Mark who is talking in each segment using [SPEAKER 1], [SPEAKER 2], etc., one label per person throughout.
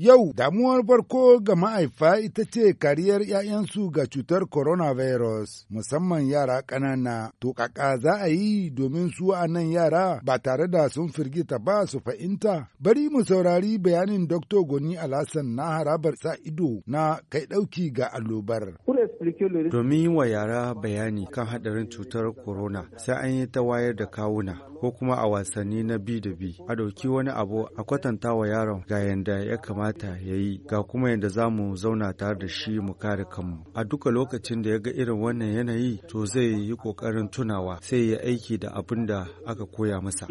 [SPEAKER 1] Yau damuwar farko ga ma'aifa ita ce kariyar 'ya'yansu ga cutar coronavirus musamman yara ƙanana. To kaka za a yi domin su a nan yara ba tare da sun firgita ba su fahimta. Bari mu saurari bayanin Dr. Goni Alhassan na harabar sa ido na kai ɗauki ga allobar.
[SPEAKER 2] Domin wa yara bayani kan haɗarin cutar corona sai an yi ta wayar da kawuna ko kuma a wasanni na bi da bi a ɗauki wani abu a kwatanta wa yaron ga yanda ya kamata kamata ya yi ga kuma yadda za mu zauna tare da shi mu kare kanmu a duka lokacin da ya ga irin wannan yanayi to zai yi kokarin tunawa sai ya aiki da abin da aka koya masa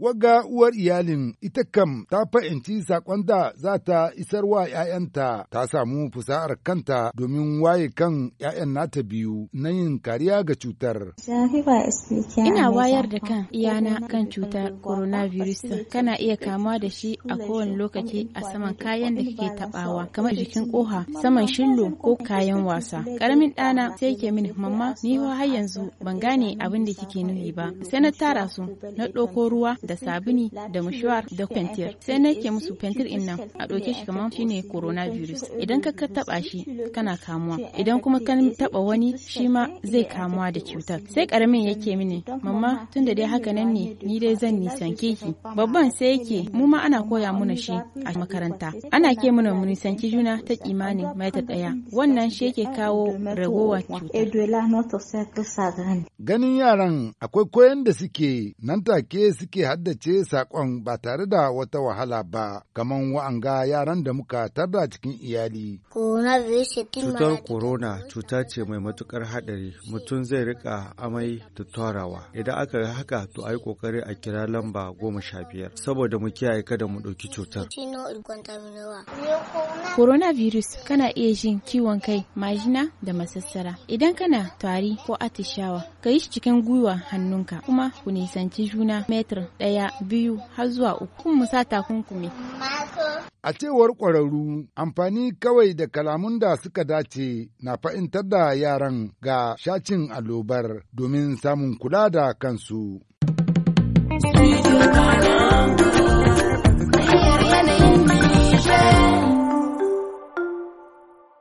[SPEAKER 1] wagga uwar iyalin ita kam ta fahimci sakon da za ta isar wa 'ya'yanta ta samu fusa'ar kanta domin waye kan 'ya'yan nata biyu na yin kariya ga cutar
[SPEAKER 3] ina wayar da kan iyana kan cutar coronavirus kana iya kamuwa da shi a kowane lokaci kake a saman kayan da kike tabawa kamar jikin koha saman shillo ko kayan wasa karamin ɗana sai ke mini mamma ni har yanzu ban gane abin da kike nuhi ba sai na tara su na ɗauko ruwa da sabuni da mushwar da fentir sai na ke musu fentir in nan a ɗauke shi kamar shine coronavirus idan ka ka taba shi kana kamuwa idan kuma ka taba wani shi ma zai kamuwa da cutar sai karamin yake mini mamma tunda dai haka nan ne ni dai zan nisan ki babban sai yake mu ma ana koya muna shi a makaranta. Ana ke mana munisanci juna ta kimanin maita ɗaya. Wannan shi yake kawo ragowar cuta.
[SPEAKER 1] Ganin yaran akwai koyon da suke nan take suke haddace saƙon ba tare da wata wahala ba kaman wa'anga yaran da muka tarda
[SPEAKER 2] cikin iyali.
[SPEAKER 1] Cutar
[SPEAKER 2] corona cuta ce mai matukar haɗari mutum zai rika amai da torawa idan aka yi haka to a yi ƙoƙari a kira lamba goma sha biyar saboda mu kiyaye kada mu ɗauki cutar.
[SPEAKER 3] Coronavirus kana iya jin kiwon kai, majina da masassara. Idan kana tari ko atishawa, ka yi shi cikin gwiwa hannunka kuma ku nisanci juna metir ɗaya biyu har zuwa uku. Kun musa takunkumi.
[SPEAKER 1] A cewar ƙwararru, amfani kawai da kalamun da suka dace na fa'intar da yaran ga shacin allobar domin samun kula da kansu.